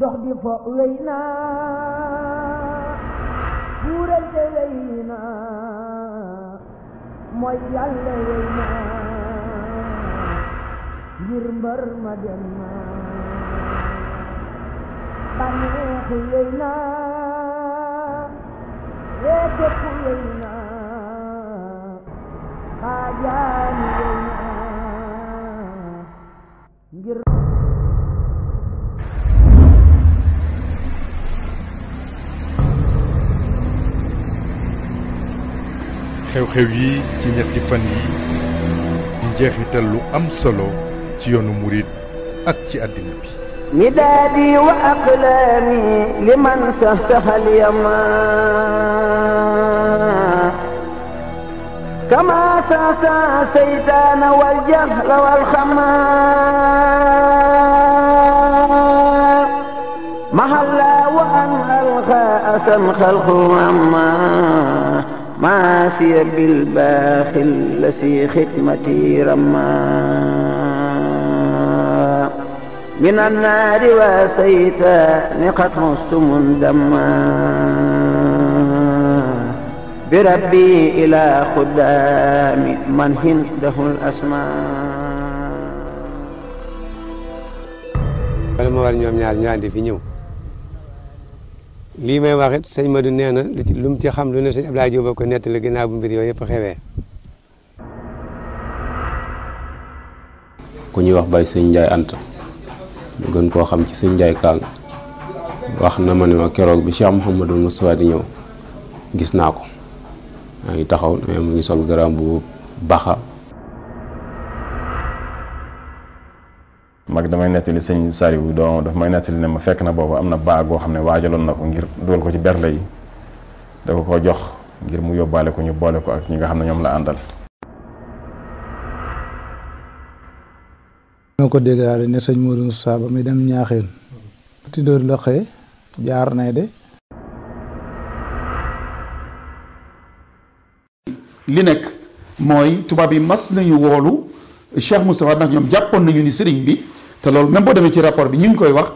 dox di fo wey naa buurante wey naa mooy yàlla wey naa ngir ma dem naa bànneexu wey naa wéeteku wey naa xaajaani xew-xew yi ci ñetti fan yi njeexital lu am solo ci yoonu murit ak ci àddina bi midaadi wa aqlaami liman sax saxal yama kama saxsa seytaana wal jahla wal xama mahalla wa an alxa asan maasiya bil baaxil la si xidmati ramaa min annaari waa saytaani qad mustumun dammaa bi rabbi ilaa xuddaami man hindahul asmaa. wala ma war ñoom ñaar ñu àndi fi ñëw. lii may wax it sëñ Madou nee na lu ci mu ci xam lu ne sëñ Abdoulaye Diop ko nettali ginnaaw bu mbir yooyu yëpp xewee. ku ñuy wax Baye sëñ Ndiaye ant ñu gën koo xam ci sëñ njaay Kaang wax na ma ne ma keroog bi ma Mouhamadul Moustapha di ñëw gis naa ko maa ngi taxaw mu ngi sol garam bu baxa mag damay nettali sëñ Sariwu doom daf may nettali ne ma fekk na boobu am na baa goo xam ne waajaloon na ko ngir dugal ko ci bernde yi da ko jox ngir mu yóbbaale ko ñu boole ko ak ñi nga xam ne ñoom la àndal. ko déggaale sëñ Modou Moussa ba mi dem jaar nay de nekk mooy tubaab yi mas nañu woolu Cheikh Moustapha ndax ñoom jàppoon nañu ni sëriñ bi te loolu même demee ci rapport bi ñu ngi koy wax.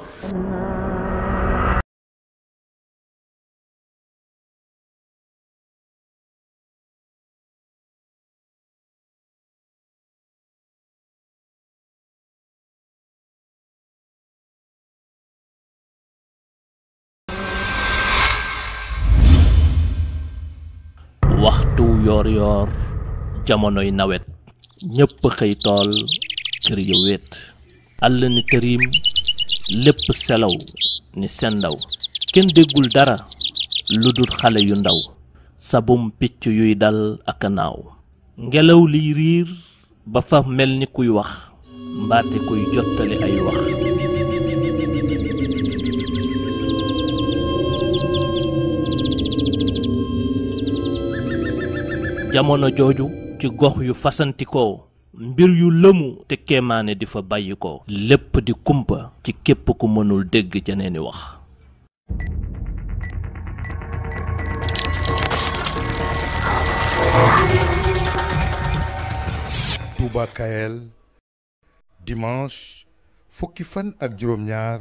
waxtu yoor yoor jamonoy nawet ñëpp xëy tool kër ya wéet allah ni kërim lépp selaw ni sendaw kenn déggul dara lu dul xale yu ndaw sa sabum picc yuy dal ak naaw ngelaw liy riir ba fa mel ni kuy wax mbaate kuy jottali ay wax jooju ci gox yu fasantikoo mbir yu lëmu te kéemaane di fa bàyyi ko lépp di kumpa ci képp ku mënul dégg jeneeni wax Touba Kaël ak juróom-ñaar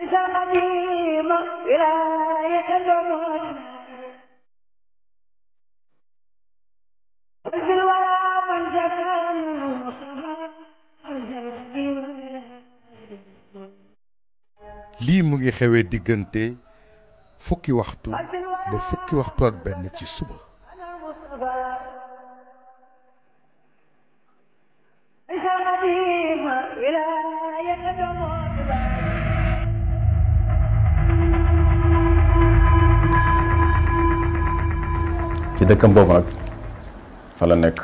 سقديم lii mu ngi xewee diggante fukki waxtu ba fukki waxtu ak benn ci suba ci dëkkam boobu nag fa la nekk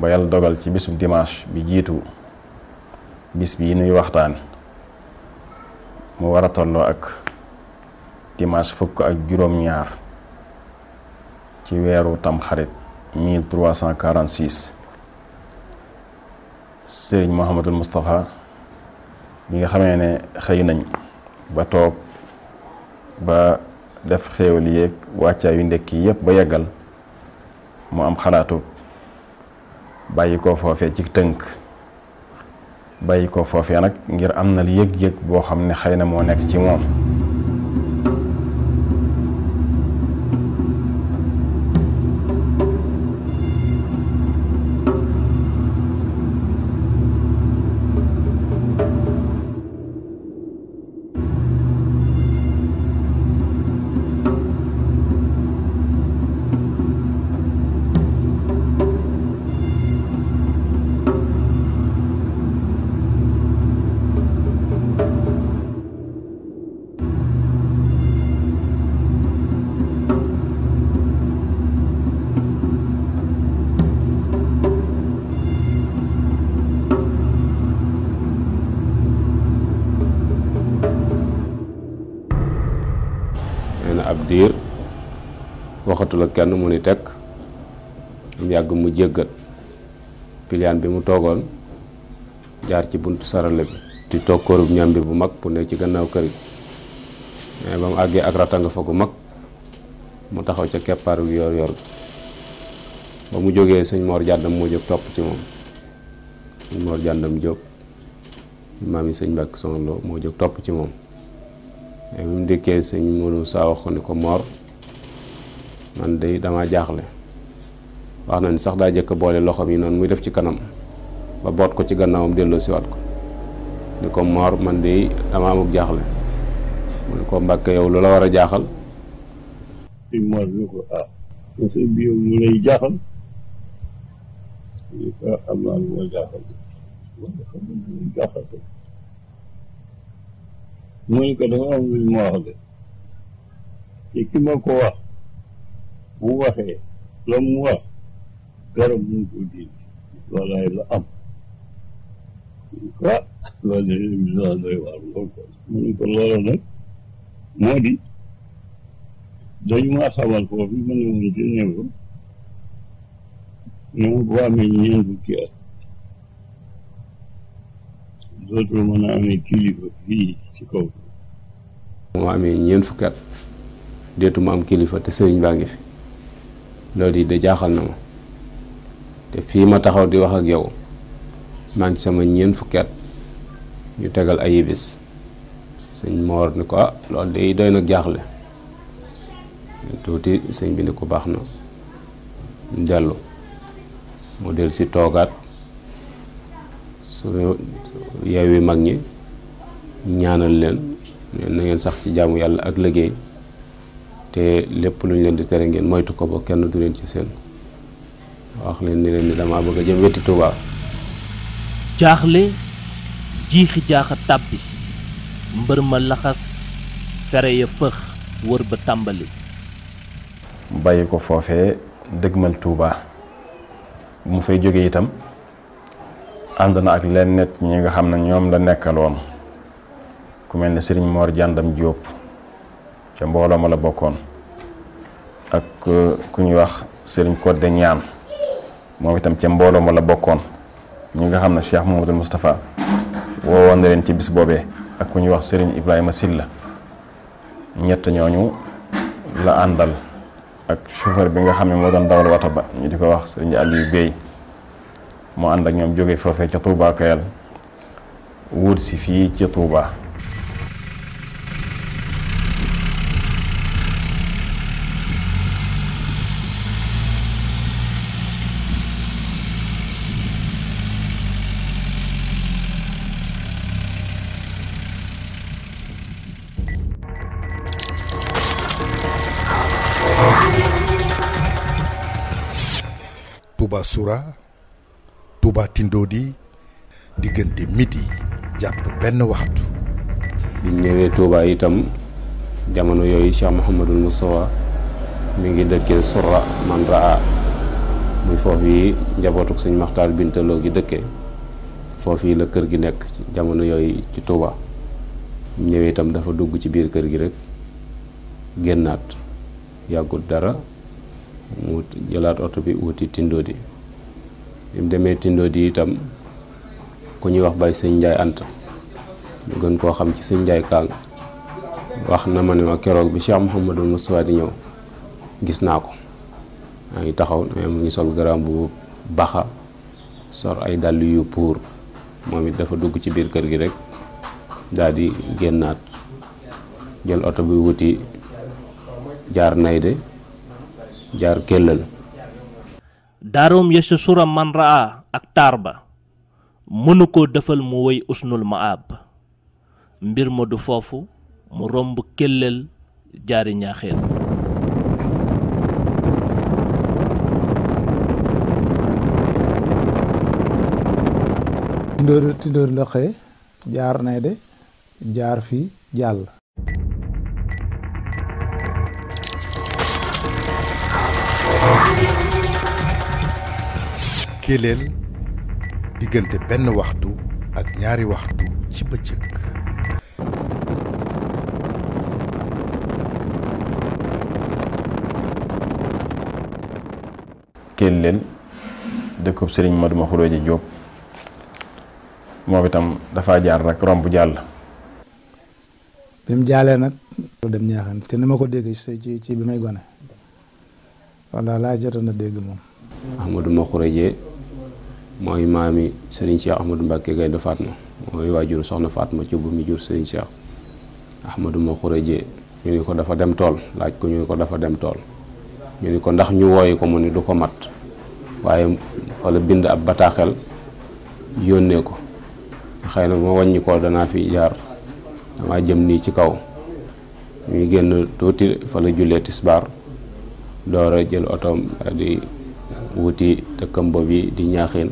ba yàlla dogal ci bisum dimanche bi jiitu bis bii nuy waxtaan mu war a tolloo ak dimanche fukk ak juróom-ñaar ci weeru tamxarit 1346 sëriñ Mouhamadul Moustapha bi nga xamee ne xëy nañ ba toog ba def xéewal yéeg ndekki yépp ba yeggal mu am xalaatu bàyyi ko foofee ci tënk bàyyi ko foofee nag ngir am na yëg-yëg boo xam ne xëy na moo nekk ci moom kenn mu ni teg am yàgg mu jéggat piliyaan bi mu toogoon jaar ci buntu sarale bi di toog kóorub ñàmbir bu mag bu ne ci gannaaw kër gi àggee ak nga fa gu mag mu taxaw ca keppaaru yor mu jógee sëñ Mor moo jóg topp ci moom sëñ Mor maam yi sëñ Mbàkke Soxna Lo moo jóg topp ci moom mais bi mu dikkee sëñ Modou Sa wax ko ni ko Mor man de dama jaaxle wax na ni sax daa jëkk boole loxoom yi noonu muy def ci kanam ba boot ko ci gannaawam delloo siwaat ko ni ko moor man de dama amuk jaaxle mu ne ko war a jaaxal sëñ ah, ah, dafa am lu ma de te ki ma ko wax bu waxee la mu wax garab mu ngi ko dindi loolaay la am ah, mu ne ko loola nag moo di dañu maa xamal foofu ma ne woon ci néew ne ma amee ñeent fukki at dootul mën a amee kilifa fii ci kaw. moo amee ñeent fukki at deetuma am kilifa te sëriñ baa ngi fi. loolu yi de jaaxal na ma te fii ma taxaw di wax ak yow maa sama ñeent fukki ñu tegal ay bis sëñ moor ni ko ah loolu de doy na jaaxle tuuti sëñ bi ni ko baax na dellu mu del si toogaat suñu yeewi mag ñi ñaanal leen na ngeen sax ci jaamu yàlla ak liggéey te lépp lu ñu leen di tere ngeen moytu ko ba kenn du leen ci seen wax leen ni leen ni dama bëgg a jëm wetti Tuubaa jaaxle jiixi jaaxa tàbbi mbër ma laxas fere ya fëx wër ba tàmbali mu bàyyi ko foofee dëgmal Tuubaa bu mu fay jóge itam ànd na ak leen nett ñi nga xam na ñoom la nekkaloon ku mel ne sëriñ Mor Jàndam Jóob ca mbooloo ma la bokkoon ak uh, ku ñuy wax sëriñ Codé ñaan moom itam ca mbooloo ma la bokkoon ñi nga xam ne Cheikh Mouhamadoul Moustapha woowoon na leen ci bis boobee ak ku ñuy wax sëriñ Ibrahima Silla ñett ñooñu la àndal ak chauffeur bi nga xam ne moo doon dawal wata ba ñu di ko wax sëriñ Aliou Bey moo ànd ak ñoom jógee foofee ca Touba Kayal fii ci Touba. Touba Soura Touba Tindoodi diggante midi jàpp benn waxtu. bi ñëwee Touba itam jamono yooyu Cheikh Mouhamadul Moustapha mi ngi dëkkee Soura man raa muy foofu yi njabootuk sëñ Maxtaar Bintaloo gi dëkkee foofu yi la kër gi nekk jamono yooyu ci Touba ñëwee itam dafa dugg ci biir kër gi rekk génnaat yàggul dara mu jëlaat oto bi wuti Tindoodi bi mu demee Tindo di itam ku ñuy wax bay sëñ Njaay Anta ñu gën koo xam ci sëñ Njaay Kaang wax na ma ne ma keroog bi Cheikh Mouhamadou Moustapha di ñëw gis naa ko maa ngi taxaw mu ngi sol garaam bu baxa sor ay dàll yu puur moom it dafa dugg ci biir kër gi rek daal di génnaat jël oto bi wuti jaar nay de jaar Kellal daaroom ya sa sura ak taar ba mënu koo defal mu woy usnul maab mbir ma du foofu mu romb kélleel jaari ñaaxeel tindóor la xëy jaar nay de jaar fii jàll téeleel diggante benn waxtu ak ñaari waxtu ci bëccëg kéeleel dëkkub sëriñ Madu ma xulóoje Jóob moom itam dafa jaar rek romb jàll bi mu jaalee nag loolu dem ñaaxan te ni ma ko dégg ci ci bi may gone walla laa jotoon a dégg moom Ahmadu ma xurëje mooy maami sëriñ Cheikh Ahmadou Mbacke Gaynde Fatma mooy waajur soxna Fatma ci bu mi jur sëriñ Cheikh Ahmadou ma xurajee ñu ni ko dafa dem tool laaj ko ñu ni ko dafa dem tool ñu ni ko ndax ñu wooyi ko mu ni du ko mat waaye fa la bind ab bataaxel yónnee ko xëy na ma wàññi ko danaa fi jaar dama jëm nii ci kaw ñuy génn tuuti fa la jullee tisbaar door a jël otoom di wuti dëkkam boobu di ñaaxeen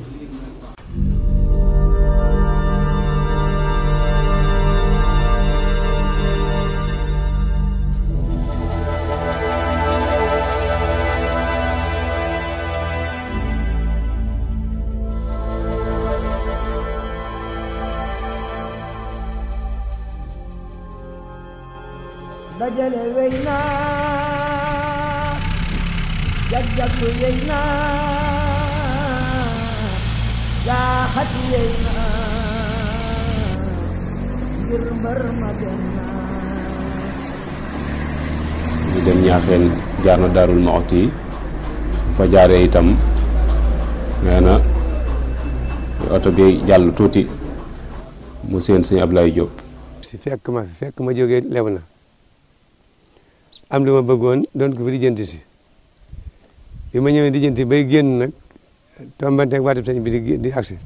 dajale wey naa jag-jaglu wey naa dem naa jaar na daarul Muxti fa jaaree itam nee na oto bi jàll tuuti mu seen sëñ Ablaye Diop si fekk ma fi fekk ma jóge lew na am li ma bëggoon doon ko fi lijjanti si bi ma ñëwee lijjanti bay génn nag tombanteeg waatab sëñ bi di di agsi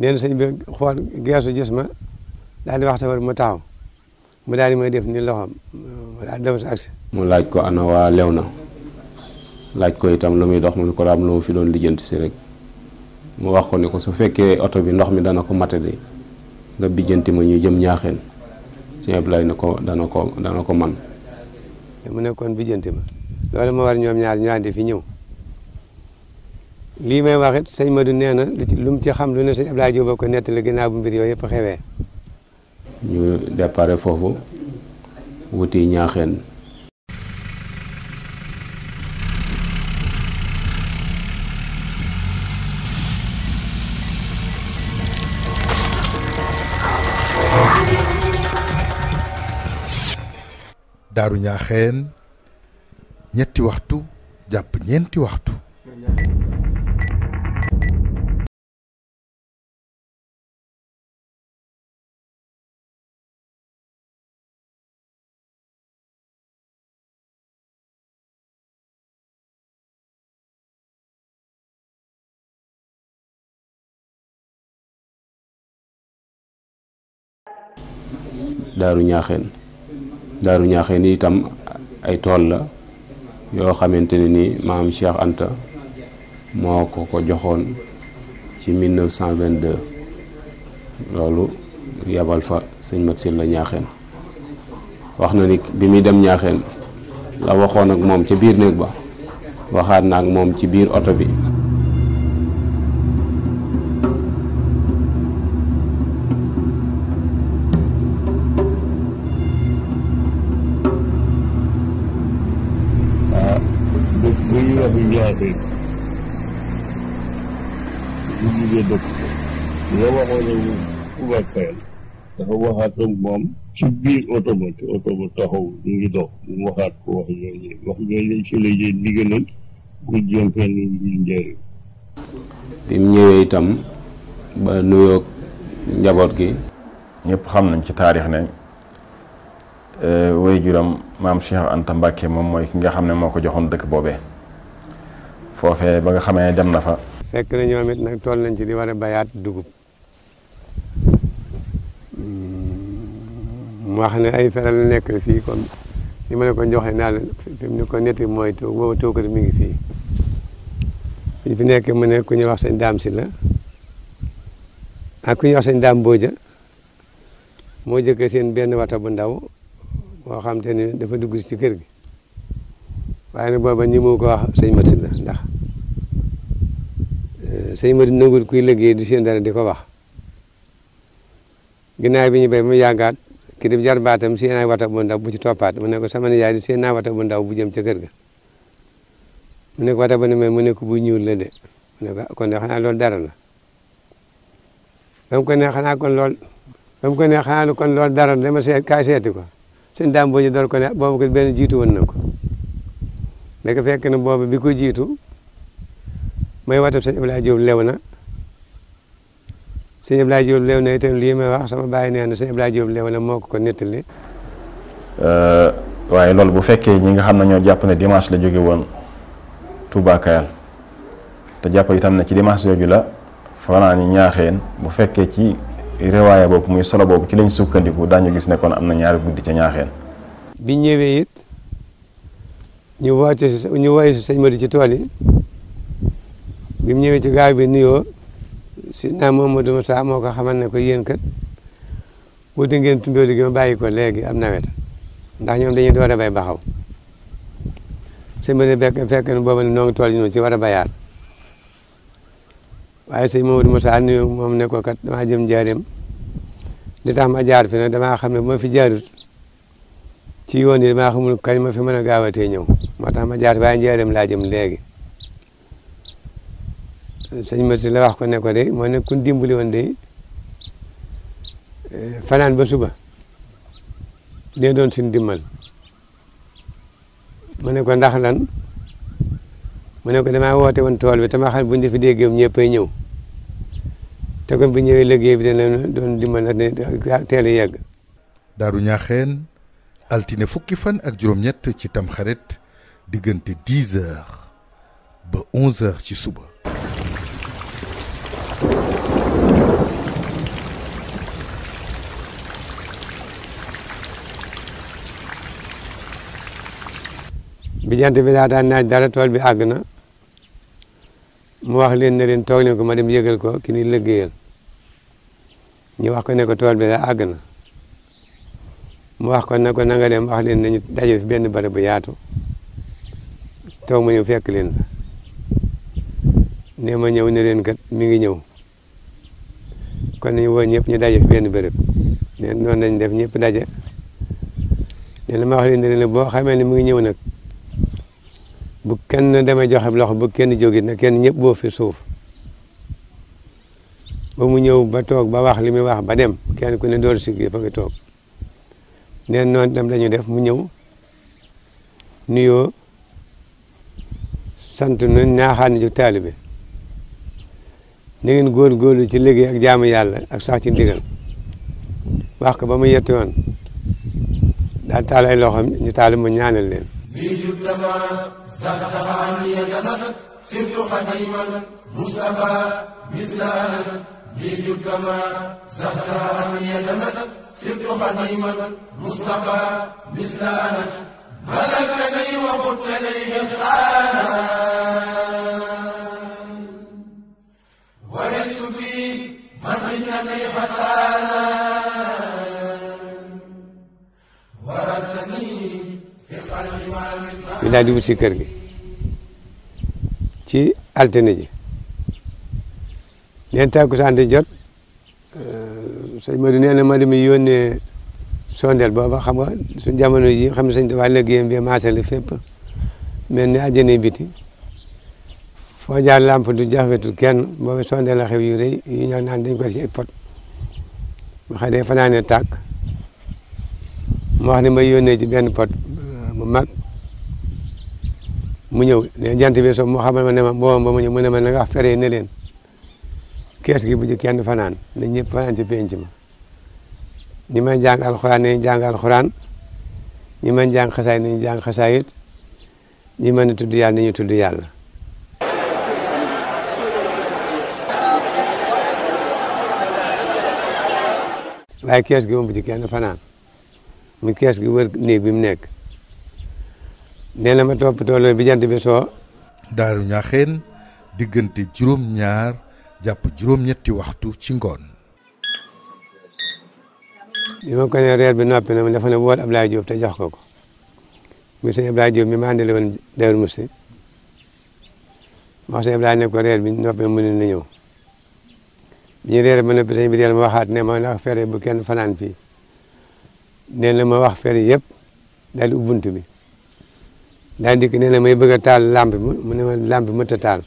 sañ na bi xool geesu gis ma daal di wax safar ma taxaw mu daal di may def ni loxoom mu daal di dem si mu laaj ko ana waa lew na laaj ko itam lu muy dox mu ne ko daam lu fi doon lijjanti si rek mu wax ko ni ko su fekkee oto bi ndox mi dana ko mate de nga bijjanti ma ñu jëm ñaaxeen sëñ Abdoulaye na ko dana ko dana ko man mu nekkoon bijjante ma loolu moo war ñoom ñaar ñu àndi fi ñëw lii may wax it ma Madou nee na lu ci lu mu ci xam lu ne sëñ Abdoulaye Diop ko nettali ginnaaw bu mbir yooyu yëpp xewee ñu départ foofu wuti ñaaxeen daaru ñaaxeen ñetti waxtu jàpp ñeenti waxtu daaru daaru ñaaxee ni itam ay tool la yoo xamante ne ni maam Cheikh Anta moo ko ko joxoon ci 1922 loolu yabal fa sëñ Mat la ñaaxeen wax na ni bi muy dem ñaaxeen la waxoon ak moom ca biir néeg ba waxaat na ak moom ci biir oto bi waxaat ak moom ci biir oto ko wax yooyu wax bi ñëwee itam ba nuyoog njaboot gi ñëpp xam nañ ci taarix ne e, way juram maam Cheikh Anta Mbacke moom mooy ki nga xam ne moo ko joxoon dëkk boobee foofee ba nga xamee dem na fa fekk na ñoom it nag toll nañ ci di war a bayaat dugub mu wax ne ay feral la nekk fii comme ni ma la ko naa la fi mu ne ko netti mooy taw boobu taw mi ngi fii ñu fi nekk mu ne ku ñuy wax sëñ daam si la ak ku ñuy wax sëñ daam booja moo jëkkee seen benn wata bu ndaw boo xam te dafa dugg ci kër gi waaye nag booba ñi mu ko wax sëñ mat si ndax eh, sëñ mat nangut kuy liggéey di seen dara di ko wax ginnaaw bi ñu béy mu yàggaat ki di jarbaatam seen ay wata bu ndaw bu ci toppaat mu ne ko sama nijaay di wata bu ndaw bu jëm ca kër ga wata bu ne mu ne ko bu ñuul la de mu ne ko ah, kon de xanaa loolu dara la ko ne xanaa kon lool ba mu ko ne xanaa kon loolu dara la dama seet ko suñ daam boo ñu door ko ne ah, boobu ko benn jiitu woon na ko mais fekk na boobu bi ko jiitu mooy watam sëñ Abdoulaye Diop lew na sëñ Abdoulaye Diop Léona itam yi may wax sama bàyyi nee na sëñ Abdoulaye Diop Léona moo ko ko euh, waaye loolu bu fekkee ñi nga xam ne ñoo jàpp ne dimanche la jóge woon Touba te jàpp itam ne ci dimanche jooju la fanaan ñi ñaaxeen bu fekkee ci riwaaya boobu muy solo boobu ci lañ sukkandiku daañu gis nekkoon am na ñaari guddi ca ñaaxeen. bi ñëwee it ñu woote ñu woy sëñ Mody ci tool yi bi ñëwee ci gaaw bi nuyoo. Seydina Mouhamadou Moussa moo ko xamal ne ko yéen kat wuti ngeen tundoo di ma bàyyi ko léegi am nawet ndax ñoom dañuy war a ba baxaw sëñ bi ne fekk fekk na booba ne noo ngi tool yi noonu ci war a bayaat waaye sëñ Mouhamadou Moussa nuyu moom ne ko kat damaa jëm njaareem li tax ma jaar fi nag damaa xam ne bu ma fi jaarut ci yoon yi damaa xamul kañ ma fi mën a gaawatee ñëw moo tax ma jaar waaye njaareem laa jëm léegi sëñ Mati la wax ko ne ko moo ne kun dimbali woon de e, fanaan ba suba dee doon sin dimbal moo ne ko ndax lan mu ne ko damaa woote woon tool bi tama xam buñ defi déggee ñëppay ñëw te bi ñëwee liggéey bi dana doon dimbal nag teel a yàgg daaru ñaaxeen altine fukki fan ak juróom-ñett ci tam xarit diggante 10 heures ba 11 heures ci suba bi jant bi laataan naaj dara tool bi àgg na mu wax leen ne leen toog leen ko ma dem yëgal ko ki ni liggéeyal ñu wax ko ne ko tool bi la àgg na mu wax ko ne ko na nga dem wax leen nañu daje fi benn barab bu yaatu toog ma ñëw fekk leen fa ne ma ñëw ne leen kat mi ngi ñëw kon ñu woo ñëpp ñu daje fi benn bërëb ne noonu lañ def ñëpp daje ne la ma wax leen ne leen boo xamee ne mu ngi ñëw nag bu kenn demee joxe loxo bu kenn jógit na kenn ñëpp boo fi suuf ba mu ñëw ba toog ba wax li muy wax ba dem kenn ku ne door siggi fa nga toog neen noonu tam lañu def mu ñëw nuyoo sant nu ñaaxaan ju taalibe ni ngeen góor-góorlu ci liggéey ak jaamu yàlla ak sax ci ndigal wax ko ba mu yett yoon daal taal ay ñu taal mu ñaanal leen زحزح عني يتنفس صرت خديما مصطفى مثل انس جئت كما زحزح عني يتنفس صرت خديما مصطفى مثل انس ملكتني وقلت لي احسانا ولست في مدركتني حسانا ورثتني ñu daal di wut si kër gi ci altine ji neen tàkkusaan di jot euh, sëñ Madou nee na ma dem yónnee sondeel booba xam nga suñ jamono ji xam ne sëñ Tuubaa liggéeyam bi maase la fépp mel ni biti foo jaar lamp du jaxwetul kenn booba sondeel la xew yu rëy yu ñëw naan dañ ko si pot ma xam ne fanaane tàkk mu wax ne ma yónnee ci benn pot mu mag mu ñëw ne jant bi so mu xamal ne ma mbooloo ba mu ñëw mu ne ma na nga feree ne leen kees gi bu ci kenn fanaan na ñëpp fanaan ci penc ma ñi may jàng alxuraan nañu jàng alxuraan ñi may jàng xasaay nañu jàng xasaayit ñi mën a tudd yàlla nañu tudd yàlla waaye kees gi moom bu ci kenn fanaan mu kees gi wër néeg bi mu nekk nee na ma toppatoo loolu bi jant bi soo. Daaru Ñaxeen diggante juróom-ñaar jàpp juróom-ñetti waxtu ci ngoon. bi ma ko reer bi noppi na ma dafa ne wool Ablaye Diop te jox ko ko muy sëñ mi ma àndale woon Daaru reer bi noppi na mu ne na ñëw bi ñu reer ma noppi sëñ bi deel ma waxaat ne ma wax fere bu kenn fanaan fii nee ma wax fere yëpp daal di bunt bi. daa dikk nee na may bëgg a taal làmp bi mu ne ma làmp bi taal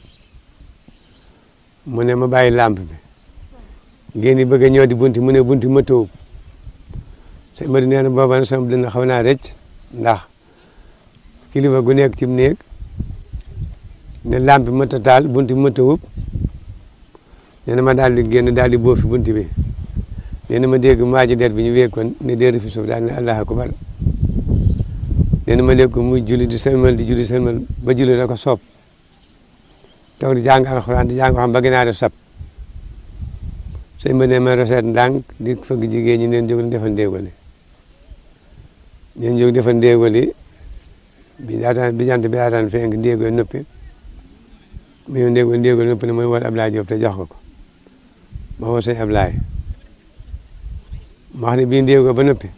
mune ma bàyyi làmp bi ngeen di bëgg a ñëw di bunti mu ne bunti mënta ub sëñ Madi nee na sama dina xaw naa rëcc ndax kilifa gu nekk ci néeg ne làmp bi mënta taal bunti mënta ub nee na ma daal di génn daal di boofi bunti bi nee na ma dégg maaji der bi ñu wékkoon ne déer fi suuf daal ne allahu akbar nee ma léegi muy juli di sëlmal di julli sëlmal ba julli la ko soob toog di jàng alxuraan di jàng xam ba gënaa def sab sëñ ba ne ma roseet ndànk di fëgg jigéen ñi neen jóg di defan ndéegoli neen jóg defan ndéegoli bi daataan bi jant bi daataan fenk ndéegoy noppi mu ñëw ndéegoy ndéegoy noppi ne mooy wal Ablaye Diop te jox ko ko ma woo sëñ Ablaye wax ne bii ndéegoo ba noppi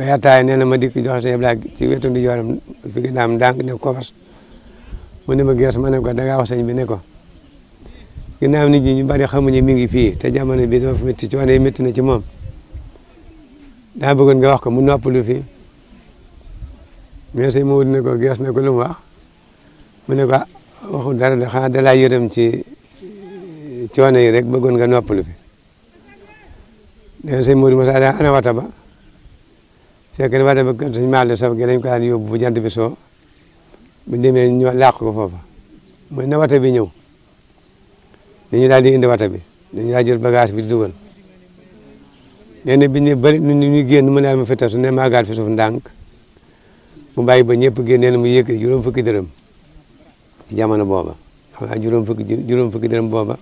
ba yaataay nee na ma dikk joxe sëñ Ablaye ci wetu ndi jooram fi ginnaaw ndànk ne mu ne ma gees ma ne ko da ngaa wax sëñ bi ne ko ginnaaw ni ñi ñu bari xamuñu mi ngi fii te jamono bi dafa métti ci wane métti na ci moom daa bëggoon nga wax ko mu noppalu fi mais sëñ ma wut ne ko gees na ko lu mu ne ko ah, waxu dara de xanaa da ci coono yi rek bëggoon nga noppalu fi nee na sëñ ana wata ba fekk dama ba ak suñu maal sama gi bu jant bi soo bu demee ñu làq ko foofa muy na wata bi ñëw dañu daal di indi wata bi dañu daal jël bagage bi di dugal nee bi ñu bëri nu ñu génn mu daal ma fëttal su ne maa gaat fi suuf ndànk mu bàyyi ba ñëpp génn nee na mu yëkkati juróom fukki dërëm ci jamono booba xam naa juróom fukki juróom fukki dërëm booba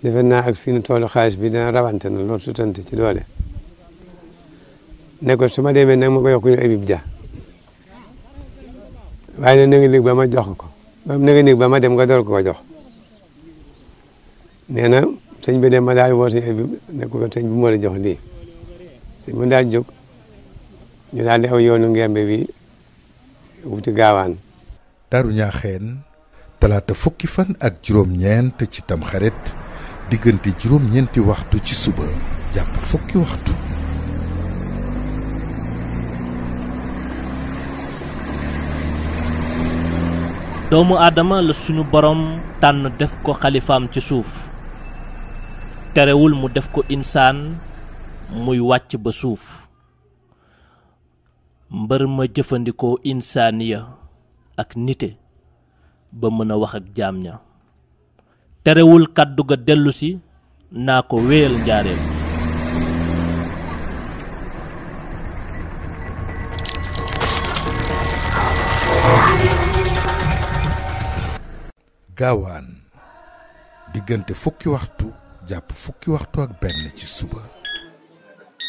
defe naa ak fi nu toolu xaalis bi dina rawante na loolu su tante ci doole ne ko su ma demee nag ma ko ñu Habib Dia waaye na nga néeg ba ma jox ko ba na ba ma dem nga door ko jox nee na sëñ bi dem ma daal woo sëñ Habib ne ko sëñ bi moo la jox lii sëñ bi daal jóg ñu daal di aw yoonu ngembe bi wuti gaawaan Daaru Ñaaxeen talaata fukki fan ak juróom-ñeent ci tamxarit diggante juróom-ñeenti waxtu ci suba jàpp fukki waxtu doomu aadama la suñu borom tànn def ko xalifaam ci suuf terewul mu def ko insaan muy wàcc ba suuf mbër ma jëfandikoo insaaniya ak nite ba mën a wax ak jaam ña terewul kàddu ga dellusi naa ko wéyal njaareem gaawaan diggante fukki waxtu jàpp fukki waxtu ak benn ci suba.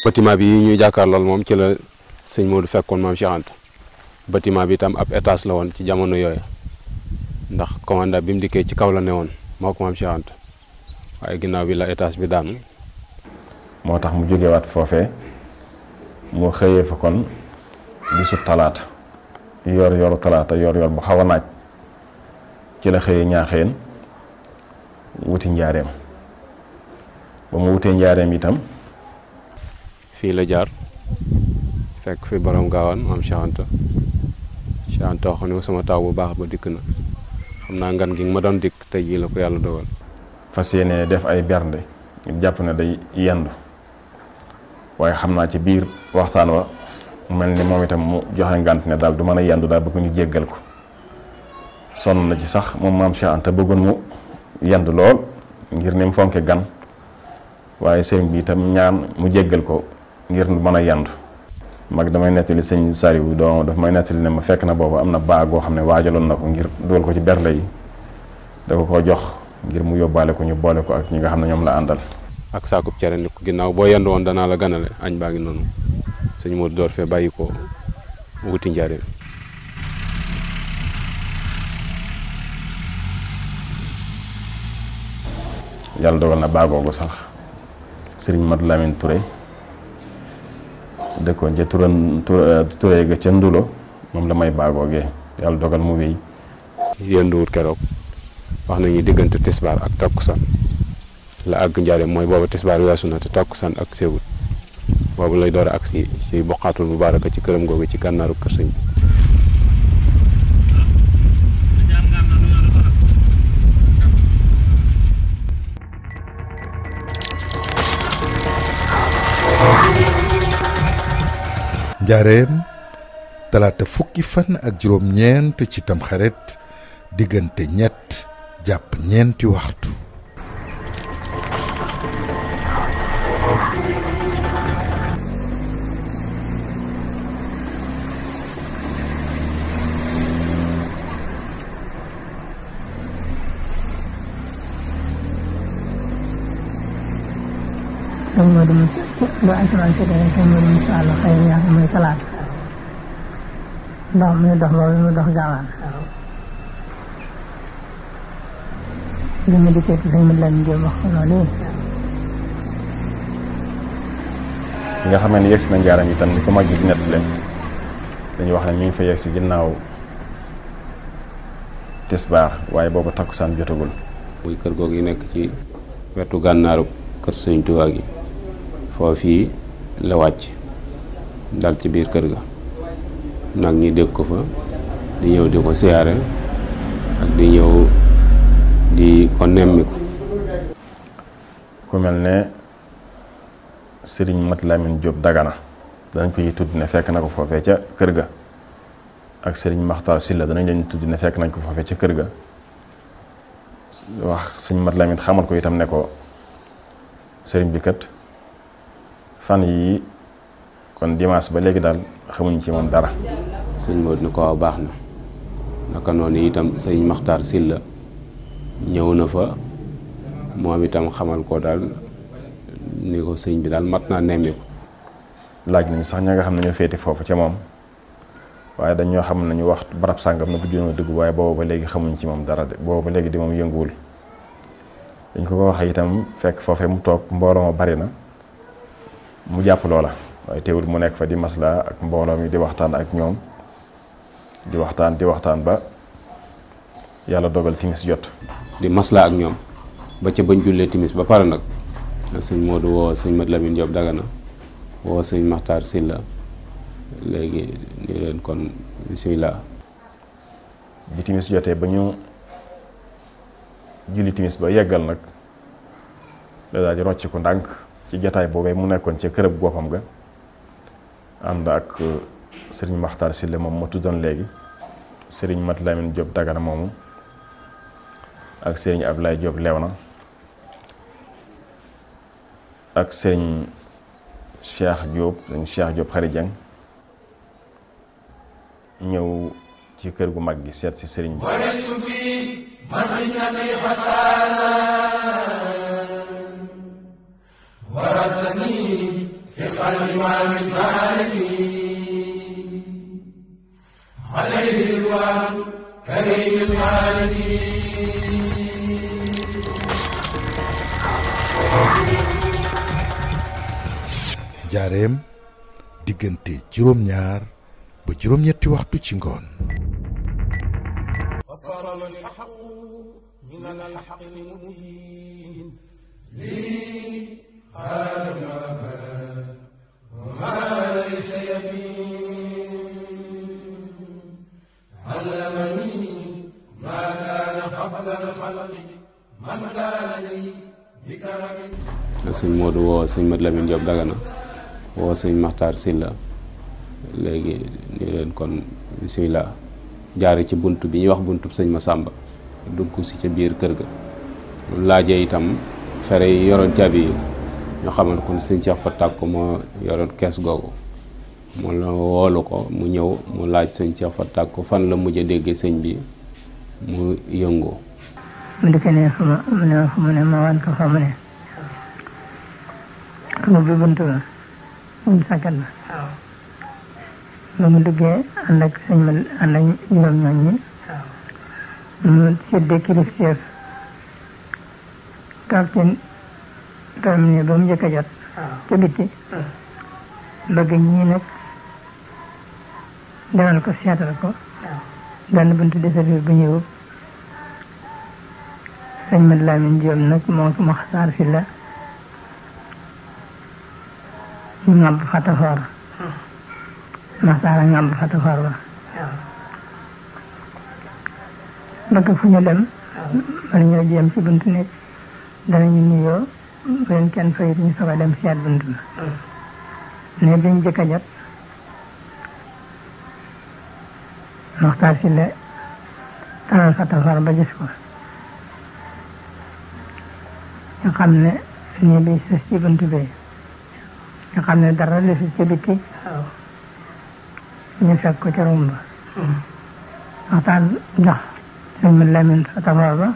bâtiment bi yi ñuy jàkkaar lool moom ci la sëñ Modou fekkoon maam Cheikh Anta bâtiment bi itam ab étage la woon ci jamono yooyu ndax commandant bi mu dikkee ci kaw la ne woon moo ko maam Cheikh Anta waaye ginnaaw bi la étage bi daanu. moo tax mu jógewaat foofee mu xëyee fa kon bisu talaata yor yoru talaata yor yor bu xaw naaj. ci la xëyee ñaaxeen wuti njaareem ba mu wutee njaareem itam fii la jaar fekk fi boroom gaawaan maam Cheikh Anta Cheikh Anta waxoon sama taw bu baax ba dikk na xam naa ngan gi ma doon dikk tey jii la ko yàlla dogal fas yéene def ay bernde jàpp na day yendu waaye xam naa ci biir waxtaan wa mel ni moom itam mu joxe ngànt ne daal du mën a yendu daal bëgg ñu jéggal ko sonn na ci sax moom maam Cheikh Anta bëggoon mu yand lool ngir ni mu fonke gan waaye sëriñ bi itam ñaan mu jéggal ko ngir mën a yand mag damay nettali sëñ Sariwu doom daf may nettali ne ma fekk na boobu am na baa goo xam ne waajaloon na ko ngir dugal ko ci berle yi da ko jox ngir mu yóbbaale ko ñu boole ko ak ñi nga xam ne ñoom la àndal ak saakub cere ni ko ginnaaw boo yendu woon danaa la ganale añ baa ngi noonu sëñ moo door fee bàyyi ko wuti njaare yàlla dogal na baagoogu sax sëriñ mat Lamin Touré dëkkoon ca turan Touré ga ca Ndulo moom la may baagoo baagoogee yàlla dogal mu wéy yenduwut keroog wax nañu diggante tisbaar ak takkusaan la àgg njaare mooy booba tisbaar weesu na te takkusaan ak séewut boobu lay door a agsi ci bu mubaaraka ci këram googu ci gànnaaru kër sëñ bi njaareem talaata fukki fan ak juróom-ñeent ci tamxarit diggante ñett jàpp ñeenti waxtu. bu asamaan si dara kenn na muy talaata ndox nga xamee ne yegsi na njaaram itam ni ko mag nett leen dañuy wax ne ñu ngi fa yegsi ginnaaw tisbaar waaye boobu takkusaan jotagul. muy kër googu yi nekk ci wetu gànnaaru kër sëñ Tuubaa gi. foofii la wàcc dal ci biir kër ga nag ñi dégg ko fa di ñëw di ko siyaare ak di ñëw di ko nemmiku ku mel ne sëriñ Mat Lamin Jóob Dagana danañ ko ci tudd ne fekk na ko foofee ca kër ak sëriñ Maxtaar Silla danañ leen tudd ne fekk nañ ko foofee ca kër ga wax sëñ Mat Lamin xamal ko itam ne ko sëriñ bi fan yi kon dimaas ba léegi daal xamuñ ci moom dara sëñ Modou ni ko waaw baax na naka noonu itam sëñ Maxtaar Silla ñëw na fa moom itam xamal ko daal ni ko sëñ bi daal mat naa nemmiku laaj nañu sax ña nga xam ne ñoo féete foofu ca moom waaye dañ dañoo xam nañu wax barab sàngam na bu junoo dëgg waaye booba ba léegi xamuñ ci moom dara de booba ba léegi di moom yënguwul dañ ko ko waxee itam fekk foofee mu toog mbooloo bari na mu jàpp loola waaye teewul mu nekk fa di maslaa ak mbooloo mi di waxtaan ak ñoom di waxtaan di waxtaan ba yàlla dogal timis jot. di maslaa ak ñoom ba ca bañ jullee timis ba pare nag sëñ Modou woo sëñ Mad Lamine Diop Dagana woo sëñ Makhtar Silla léegi ni leen kon bisimilah. bi timis jotee ba ñu julli timis ba yeggal nag da daal di rocc ko ndànk. ci jataay boobee mu nekkoon ca kërëb goppam ga ànd ak uh, sëriñ Maxtaar Sille moom ma tuddoon léegi sëriñ Mat Lamin Jóob Dagana moomu ak sëriñ Ablaay Jóob Leewna ak sëriñ Cheikh Jóob sëriñ Cheikh Jóob Xari Jeng ñëw ci kër gu mag gi seet si sëriñ bi والإمام المالكي عليه الوان كريم المالكي jaareem diggante juróom-ñaar ba juróom-ñetti waxtu ci ngoon. lii sëñ Modou woo sëñ Mat Lamine Diop Dagana woo sëñ Maxtaar Silla léegi ni leen kon bisimilah jaare ci bunt bi ñuy wax buntub sëñ Masamba dugg si ca biir kër ga laajee itam fere yi yoroon caabi yi ñu xamal ko sëñ Cheikh Fatou Tàkko moo yoroon kees googu mu la woolu ko mu ñëw mu laaj sëñ Cheikh fa Tàkko fan la mujj a déggee sëñ bi mu yëngoo. mu dikkee ne fu ma mu ne fa bunt la mu sàkkat la ba mu duggee ànd ak sëñ ma ànd ak juróom ñooñ ñi mu séddee kilifteef capitaine daa mel ni ba mu njëkk a jot. ca bitti. bëgg ñii nag demal ko seetal ko. benn buntu desati bu ñëw. sëñ Mate Lamine Diop nag moo ko Maxtaar si la. ñu ngàmb fatafoor. Maxtaar a ngàmb fatafoor ba. bëgg fu ñu dem. wala ñu jéem si buntu nekk danañu nuyoo. bañ kenn fayatuñu soog a dem seet bunt ba. Ah. ne biñ jëkk a jot Moxtaar si la talal Fatal ba gis ko nga xam ne nii bi sës ci bunt bi nga xam ne dara li si ci ah. ñu fekk ko ca rumba. Moxtaar hmm. jox sëñ Mën Lamin Fatal ba.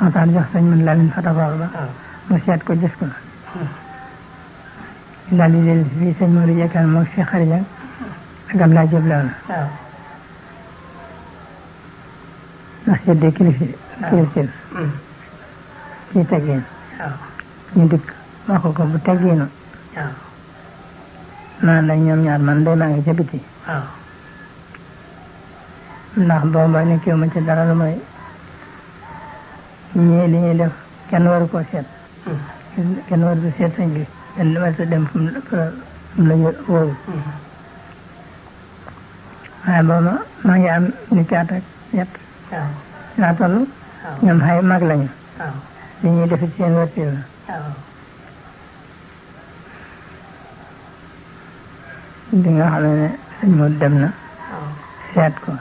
Moxtaar jox sëñ Mën Lamin Fatal ba. Ah. mu seet ko def ko daal di dellu fii sëñ Modou Diakane moom si xariñam ak Abdoulaye Diop la woon. waaw ndax seddee kilifa kilifa mm. kii teggeen. waaw ñu dikk wax ko ko bu teggeenu. waaw naan la ñoom ñaar man de maa ngi ca biti. waaw ndax booba nekkee ma ci dara lu may ñii li ñuy def kenn waru koo seet. kenn war du seet sëñ bi dem fu la woowu waaye booba maa ngi am ni caat ak ñett laa toll ñoom xay mag lañu li ñuy def ci seen wërti la di nga xam ne sëñ mu dem na seet ko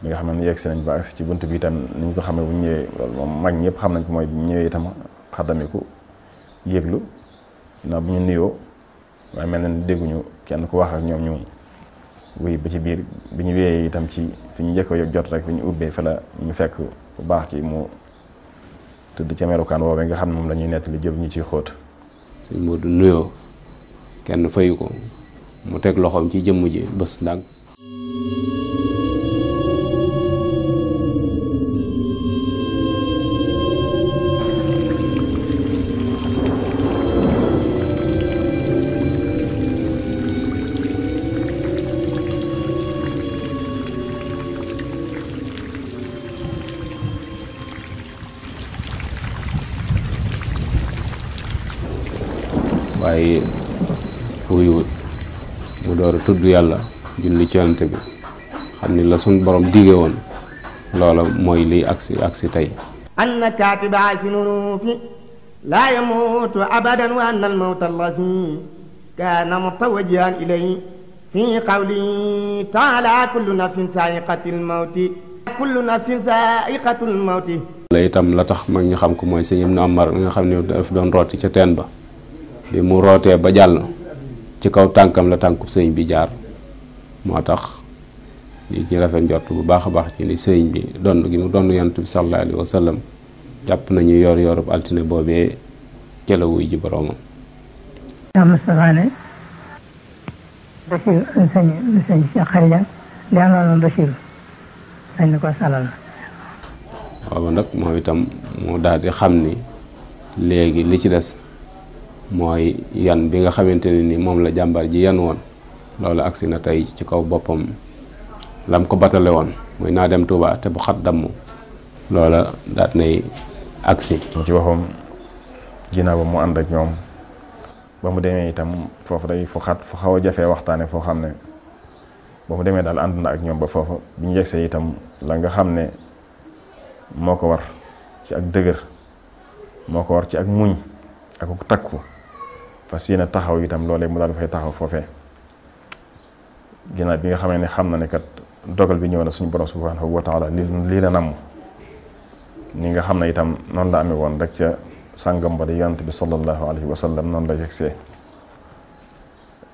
bi nga xam ne yegg si nañ ba agsi ci bunt bi tam ni ñu ko xam xamee bu ñëwee wala moom mag ñëpp xam nañ ko mooy bu ñëwee itam xaddamiku yëglu na bu ñu nuyoo waaye mel na ni dégguñu kenn ku wax ak ñoom ñu wuy ba ci biir bi ñu wéyee itam ci fi ñu njëkk a jot rek bi ñu ubbee fa la ñu fekk bu baax ki mu tëdd ca melukaan woowee nga xam ne moom lañuy ñuy nettali jël ñu ciy xóot. sëñ Modou nuyoo kenn fayu ko mu teg loxoom ci jëmm ji bés nag waaye pour yu mu tudd yàlla julli ci yonante bi xam ni la suñ borom digge woon loola mooy liy agsi agsi tey an kaatiba sinunuufi laa yamuutu abadan wa anna almawta allasi kaana mutawajihan ilay fi qawli taala kullu nafsin saa'iqatul mawti kullu nafsin saa'iqatul mawti la itam la tax mag ñu xam ko mooy sëñ Ibnu Amar nga xam ne daf doon rooti ca teen ba bi mu rootee ba jàll ci kaw tànkam la tànkub sëñ bi jaar moo tax li ci rafet njort bu baax a baax ci ni sëñ bi donn gi mu donn yonent bi sallallahu alayhi wa sallam jàpp nañu yor yorub altine nag moom itam mu daal di xam ni léegi li ci des mooy yan bi nga xamante ne ni moom la jàmbar ji yan woon loolu agsi na tey ci kaw boppam lam ko batale woon muy naa dem Touba te bu xat damm loola daat nay agsi ci waxam ginnaaw ba mu ànd ñoom ba mu demee itam day fu xat a jafee waxtaane foo xam ne ba mu demee daal ànd na ak ñoom ba foofa bi ñu yegsee itam la nga xam ne moo ko war ci ak dëgër moo ko war ci ak muñ ak takku fas yéene taxaw itam loolee mu daal di fay taxaw foofee ginnaaw bi nga xamee ne xam na ne kat dogal bi ñëw na suñu borom subhanahu wa taala lii la namm ñi nga xam ne itam noonu la amee woon rek ca sàngam ba bi sallallahu alayhi wa sallam la yegsee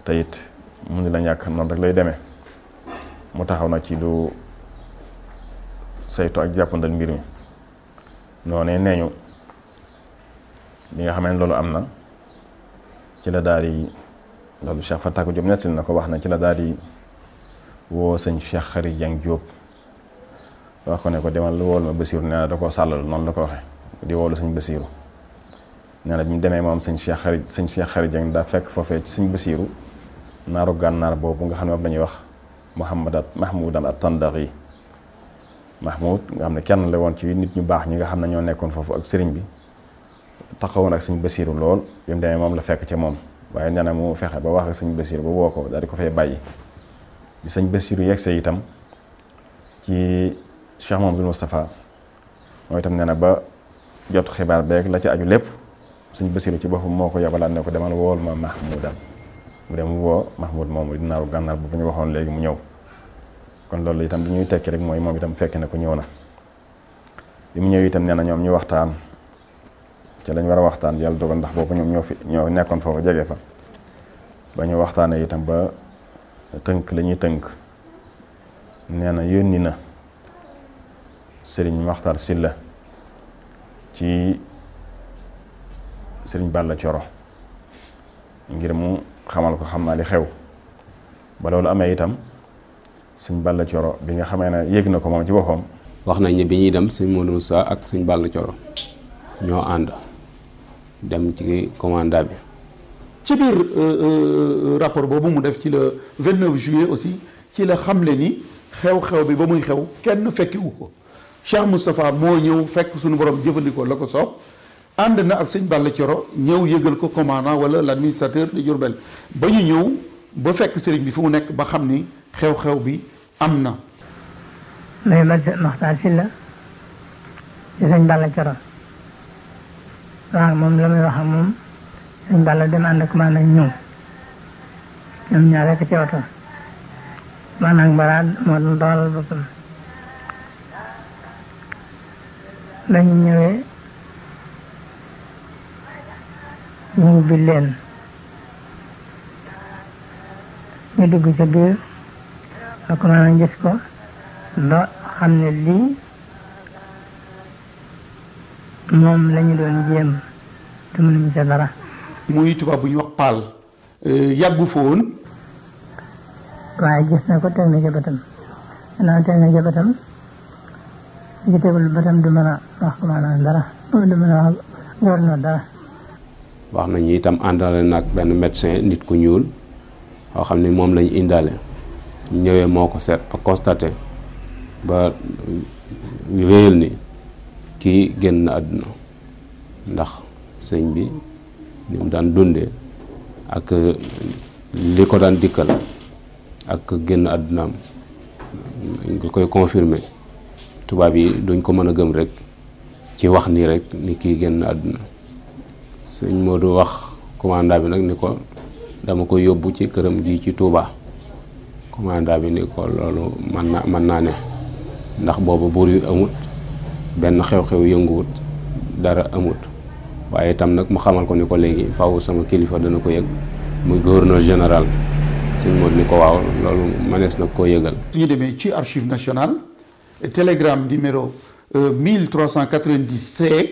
te mu ni la ñàkk noonu rek lay deme mu taxaw na ci lu saytu ak jàppandal mbir mi noonee nee ñu li nga xam ne loolu am na ci la daal di loolu Cheikh Fatak Diop nettali na ko wax na ci la daal di woo sëñ Cheikh Xari Jang Diop wax ko ne demal wool ma Basiiru nee na da koo sàllal noonu la ko waxe di woolu sëñ Basiiru nee bi mu demee moom sëñ Cheikh Xari sëñ Cheikh Jang daa fekk foofee sëñ Basiiru naaru gànnaar boobu nga xam ne moom la ñuy wax Mouhamad Mahmoud al Tandari Mahmoud nga xam ne kenn la woon ci nit ñu baax ñi nga xam ne ñoo nekkoon foofu ak sëriñ bi. taxawoon ak sëñ Basiiru lool bi mu moom la fekk ca moom waaye nee mu fexe ba wax ak sëñ Basiiru ba woo ko daal di ko fay bàyyi bi sëñ Basiiru yegsee itam ci Cheikh Mamadou Moustapha mooy itam nee na ba jot xibaar beeg la ci aju lépp sëñ Basiiru ci boppam moo ko yabalaat ne ko demal wool ma Mahmoudam mu dem woo Mahmoud moom di naaru gànnaar bu ñu waxoon léegi mu ñëw kon loolu itam bi ñuy tekki rek mooy moom itam fekk na ko ñëw na bi mu ñëw itam nee na ñoom ñu waxtaan. ci lañu war a waxtaan yàlla dogal ndax boobu ñoom ñoo fi ñoo nekkoon foofu jege fa ba ñu waxtaanee itam ba tënk lañuy tënk nee na yónni na sëriñ Maxtar la ci sëriñ Balla Coro ngir mu xamal ko xam naa li xew ba loolu amee itam sëñ Balla Coro bi nga xamee ne yéeg na ko moom ci boppam. wax nañ ne bi ñuy dem sëñ Modou Moussa ak sëñ Balla Coro ñoo ànd. dem ci commanda bi. ci biir euh, euh, euh, rapport boobu mu def ci la 29 juillet aussi ci la xamle ni xew-xew bi ba muy xew kenn fekkiwu ko Cheikh Moustapha moo ñëw fekk suñu borom jëfandikoo la ko soob ànd na ak sëñ Balla Coro ñëw yëgal ko commandant wala la administrateur de Diourbel ba ñu ñëw ba fekk sëriñ bi fu mu nekk ba xam ni xew-xew bi am na. may ma Maxtaar Sylla ci sëñ Balla Coro. waaw moom la muy wax moom suñ balla dem ànd ak maanaam ñëw ñoom ñaar rek ci oto maanaam baraad moo doon dawalal boppam lañu ñëwee ñu ubbi leen ñu dugg ca biir ak maanaam gis ko ba xam lii moom la ñu doon jéem te mënuñ sa dara. muy tubaab bu ñu wax paal euh, yàggu fa waaye gis na ko teg na ca bëtam gannaaw teg na ca bëtam ji du mën a wax maanaam dara du mën wax na dara. nañu itam àndale nag benn médecin nit ku ñuul yoo xam ne moom lañu indaale ñëwee moo ko seet ba constaté ba wéyal ni kii génn àdduna ndax sëñ bi ni mu daan dunde ak li ko daan dikkal ak génn àddunaam nga koy confirmer tubaab yi duñ ko mën a gëm rek ci wax nii rek ni kii génn àdduna sëñ du wax commandant bi nag ni ko dama ko yóbbu ci këram ji ci Touba commandant bi ni ko loolu mën naa ne ndax boobu buur yu amut benn xew-xew yënguwut dara amut waaye itam nag mu xamal ko ni ko léegi faw sama kilifa dana ko yëg muy gouverneur général sëñ Modou ni ko waaw loolu mënees nag ko yëgal. su ñu demee ci archive nationale télégramme numéro 1390 euh,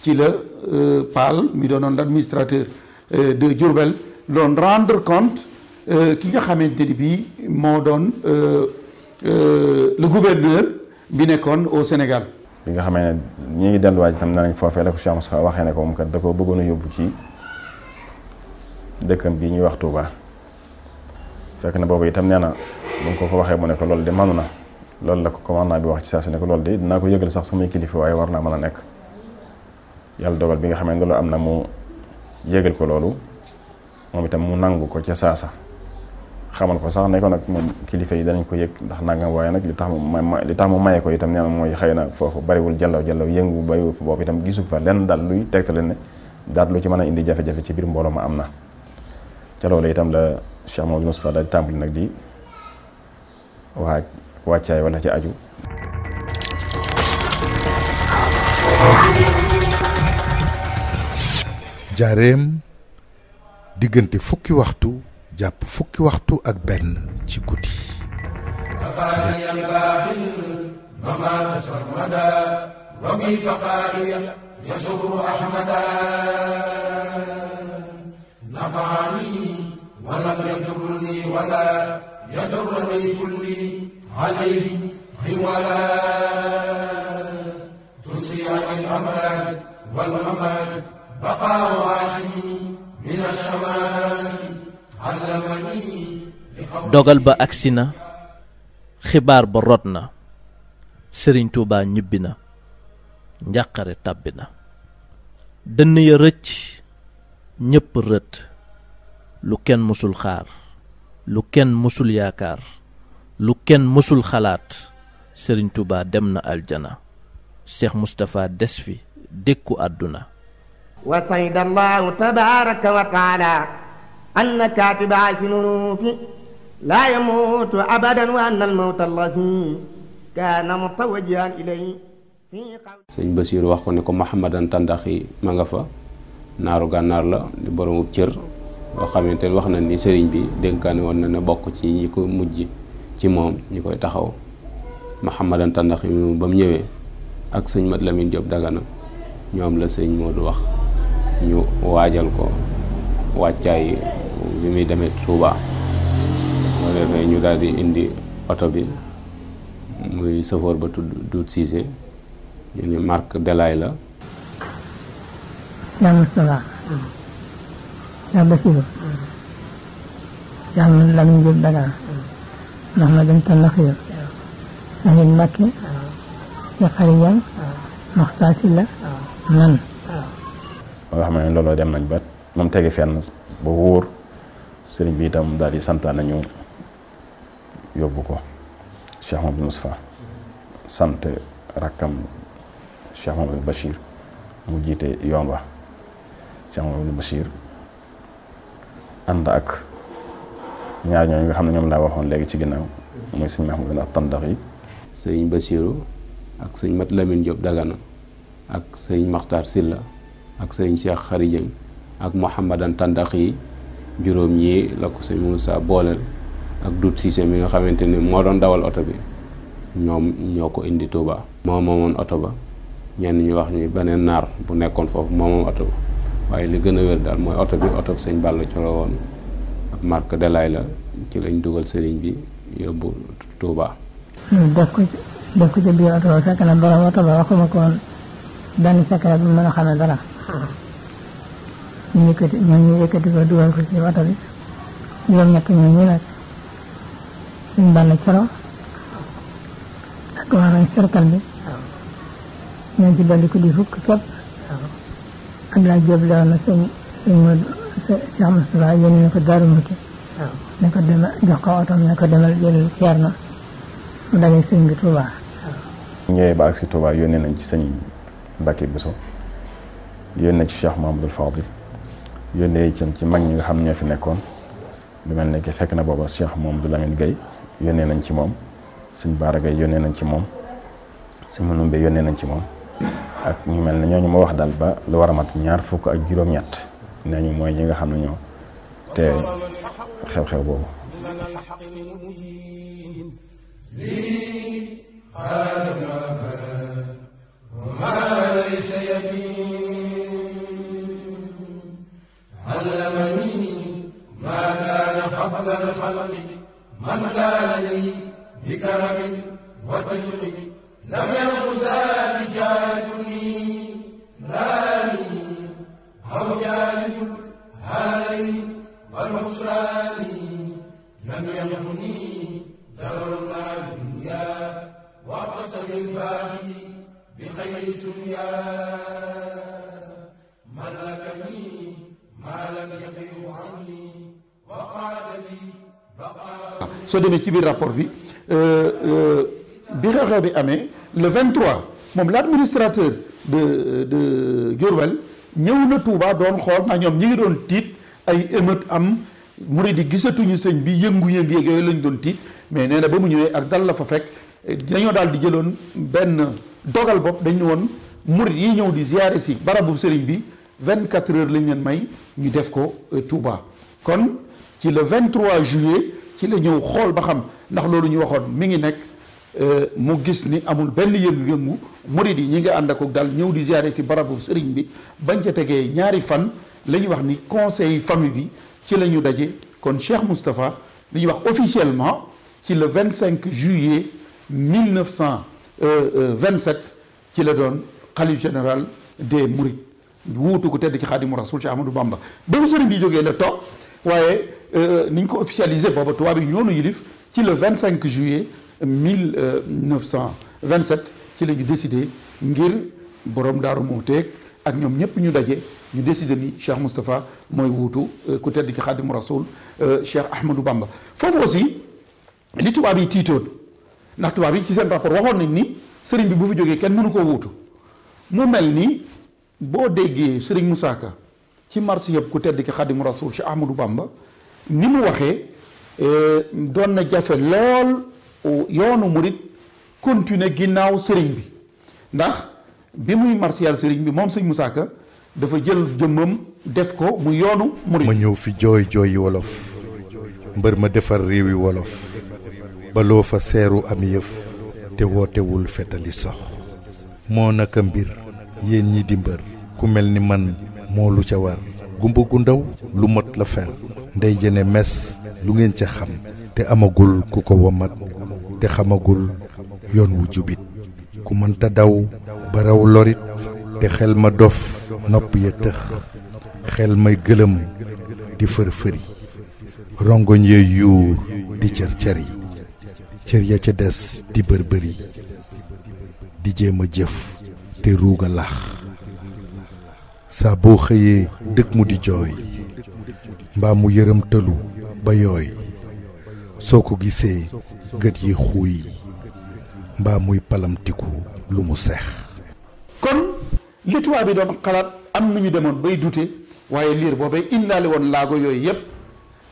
ci la euh, Paal mi doonoon l' administrateur euh, de Diourbel doon rendre compte ki nga xamante ni bii moo doon le gouverneur bi nekkoon au Sénégal. bi nga xamee ne ñi ngi delluwaat itam nee nañ foofee la ko Cheikh Moussa waxee ne ko moom ka da koo bëggoon a yóbbu ci dëkkam bi ñuy wax Touba fekk na boobu itam nee na bu ko ko waxee mu ne ko loolu de manu na loolu la ko naa bi wax ci saa si ne ko loolu de dinaa ko yëgal sax samay kilifa waaye war naa mën a nekk yàlla dogal bi nga xamee ne loolu am na mu yëgal ko loolu moom itam mu nangu ko ca saasa xamal ko sax ne nag moom kilifa yi danañ ko yëg ndax nangam waaye nag li tax mu li tax maye ko itam nee na mooy xëy na foofu bariwul jallaw jallaw yëngu bariwul boobu itam gisu fa lenn daal luy tegtale ne daal lu ci mën a indi jafe-jafe ci biir mbooloo ma am na ca loolu itam la Cheikh Mamadou Moustapha daal tàmbali nag di ci aju jaareem diggante fukki waxtu jàpp fukki waxtu ak benn ci guddi wal amaat baqaa waasi min asamaat dogal ba agsi na xibaar ba rot na sëriñ tuubaa ñibbi na njàqare tàbbi na dënn ya rëcc ñépp rët lu kenn mësul xaar lu kenn mësul yaakaar lu kenn mësul xalaat sëriñ tuubaa dem na aljana seex mustapha des fi dékku àdduna wa saydallaahu tabaaraka wa taala أن الكاتب عاشم في لا يموت أبدا وأن الموت الذي كان متوجها إليه sëñ Basiir wax ko ne ko Mouhamadan Tandaxi ma nga fa naaru gànnaar la di boromub cër boo xamante ne wax na ni sëriñ bi dénkaane woon na ne bokk ci ñi ko mujj ci moom ñi koy taxaw Mouhamadan Tandaxi ba mu ñëwee ak sëñ Mat Lamin Jóob Dagana ñoom la sëñ Moodu wax ñu waajal ko wàccaay bi muy demee Touba moo defee ñu daal di indi oto bi muy safoor ba tudd Doudou Cissé ñu ni marque Delaay la daa Moustapha daa Bassirou daa Mouhamed Lamine Diop Dagana Mouhamed Tandakhir Sahin Mbacké Yakhari man ba nga xam ne looloo dem nañ ba moom tege fenn ba wóor sëriñ bi itam daal di santaan nañu yóbbu ko Cheikh Mamadou Moustapha sant rakkam Cheikh Mamadou Bachir mu jiite yoon wa Cheikh Mamadou Bachir ànd ak ñaar ñooñu nga xam ne ñoom laa waxoon léegi ci ginnaaw muy sëñ Mahmoud ak tandax yi sëñ ak sëñ Mat Lamine Diop Dagana ak sëñ Maxtaar Silla ak sëñ Cheikh Xari ak Mouhamadan Tandakhi juróom ñi la ko sëñ Moussa booleel ak Dut Cissé mi nga xamante ni moo doon dawal oto bi ñoom ñoo ko indi Touba. moo moomoon oto ba ñenn ñu wax ni beneen naar bu nekkoon foofu moo moom oto ba waaye li gën a wér daal mooy oto bi oto bi sëñ woon ab marque la ci lañ dugal sëriñ bi yóbbu hmm, fekk na borom oto a xamee dara. ñu yëkkati ñoom ñu ci oto bi juróom ñett ñoom ñu nag suñ bàll coro ci dolli ko di fukk képp Abdoulaye Diop la woon na sëñ sëñ Modou Cheikh Moustapha yónni na ko Daaru Muti ne ko ba ak si Touba yónnee nañ ci sëñ Mbacke Bousso yónnee na ci Cheikh Mahamadou Fadil yónnee itam ci mag ñi nga xam ñoo fi nekkoon lu mel ne que fekk na booba Cheikh moom du Lamine Gueye yónnee nañ ci moom sëñ Baara Gueye yónnee nañ ci moom sëñ Manoumbe yónnee nañ ci moom ak ñu mel ñoo ñu ma wax daal ba lu war a mat ñaar fukk ak juróom-ñett nee ñu mooy ñi nga xam ne ñoo te xew-xew boobu. علمني ما كان قبل الخلق من كان لي بكرم وطيب لم يرق زاد جادني راني أو جانب الهالين والخسران لم يمني دور الله الدنيا وقصد الباقي بخير سنيا ملكني soo demee ci biir rapport bi euh, euh, bi xew-xew bi amee le 23 moom l'administrateur de de Diourbel ñëw na Touba doon xool ndax ñoom ñi ngi doon tiit ay émeute am murid yi gisatuñu sëñ bi yëngu-yëngu yeeg yooyu lañ doon tiit mais nee na ba mu ñëwee ak dal la fa fekk dañoo daal di jëloon benn dogal bopp dañu woon murid yi ñëw di ziyaare si barabu sëriñ bi. vingt 24 heures lañ leen may ñu def ko euh, Touba kon ci le 23 juillet ci la ñëw xool ba xam ndax loolu ñu waxoon mi ngi nekk euh, mu gis ni amul benn yëngu-yëngu murid yi ñi nga ànd ak daal ñëw di ziare ci barabu sëriñ bi bañ ca tegee ñaari fan la ñu wax ni conseil famille bi ci la ñu daje kon Cheikh Moustapha li ñuy wax officiellement ci le 25 juillet 1927 euh, ci la doon xalif général des mourides wuutu ko tedd ci xaadimu rasul ci Ahmadou Bamba ba mu sëriñ bi jógee la toog waaye euh, ni ñu ko officialisé booba tubaab yi ñoonu yilif ci le 25 juillet 1927 ci la ñu ngir borom daaru Mouteeg ak ñoom ñëpp ñu daje ñu décidé ni Cheikh Moustapha mooy wuutu euh, ku tedd ci xaadimu rasul euh, Cheikh Ahmadou Bamba foofu aussi li tubaab yi tiitoon ndax tubaab yi ci seen rapport waxoon nañ ni sëriñ bi bu fi jógee kenn mënu koo wuutu mu mel nii boo déggee Serigne Moussa Ka ci mars yëpp ku tedd ki xadimu rasul ci Ahmadou Bamba ni mu waxee eh, doon na jafe lool yoonu murit continuer ginnaaw sëriñ bi ndax bi muy martial sëriñ bi moom sëñ Moussa Ka dafa jël jëmmam def ko mu yoonu murit ma ñëw fi jooy jooy wolof mbër ma defar réewi wolof baloo fa seeru am yëf te wootewul fetali sox moo naka mbir yéen ñi di mbër ku mel ni man moo lu ca war gumba gu ndaw lu mot la fer ndey jëne mes lu ngeen ca xam te amagul ku ko womat te xamagul yoon wu jubit ku mënta daw baraw lorit te xel ma dof nopp ya tëx xel may gëlëm di fërfëri rongoñ ya yuur di cër cër yi cër ya ca des di bërbëri di jéem a jëf te ruug a laax saa boo xëyee dëkk mu di jooy mbaa mu yërëm tëlu ba yooy soo ko gisee gët yi xuuy mbaa muy palamtiku lu mu seex kon li bi doon xalaat am nañu demoon bay dute waaye liir boobee indaale woon laago yooyu yépp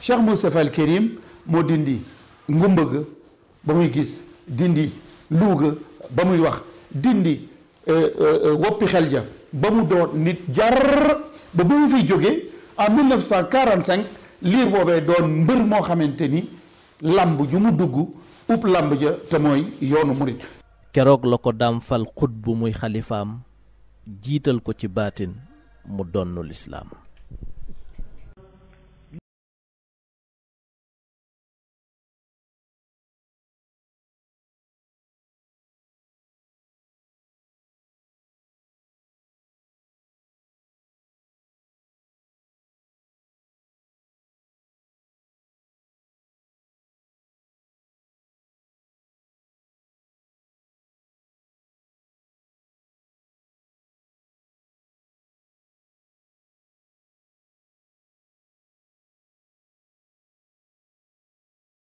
Cheikh Moustapha al Karim moo dindi ngumba ga ba muy gis dindi luuga ba muy wax dindi Euh, euh, euh, woppi xel ja ba mu doon nit jar ba ba mu fiy jógee en liir boobee doon mbër moo xamante ni lamb ju mu dugg upp làmb ja te mooy yoonu murit keroog la ko daam fal xut bu muy xalifaam jiital ko ci baatin mu donnu lislaam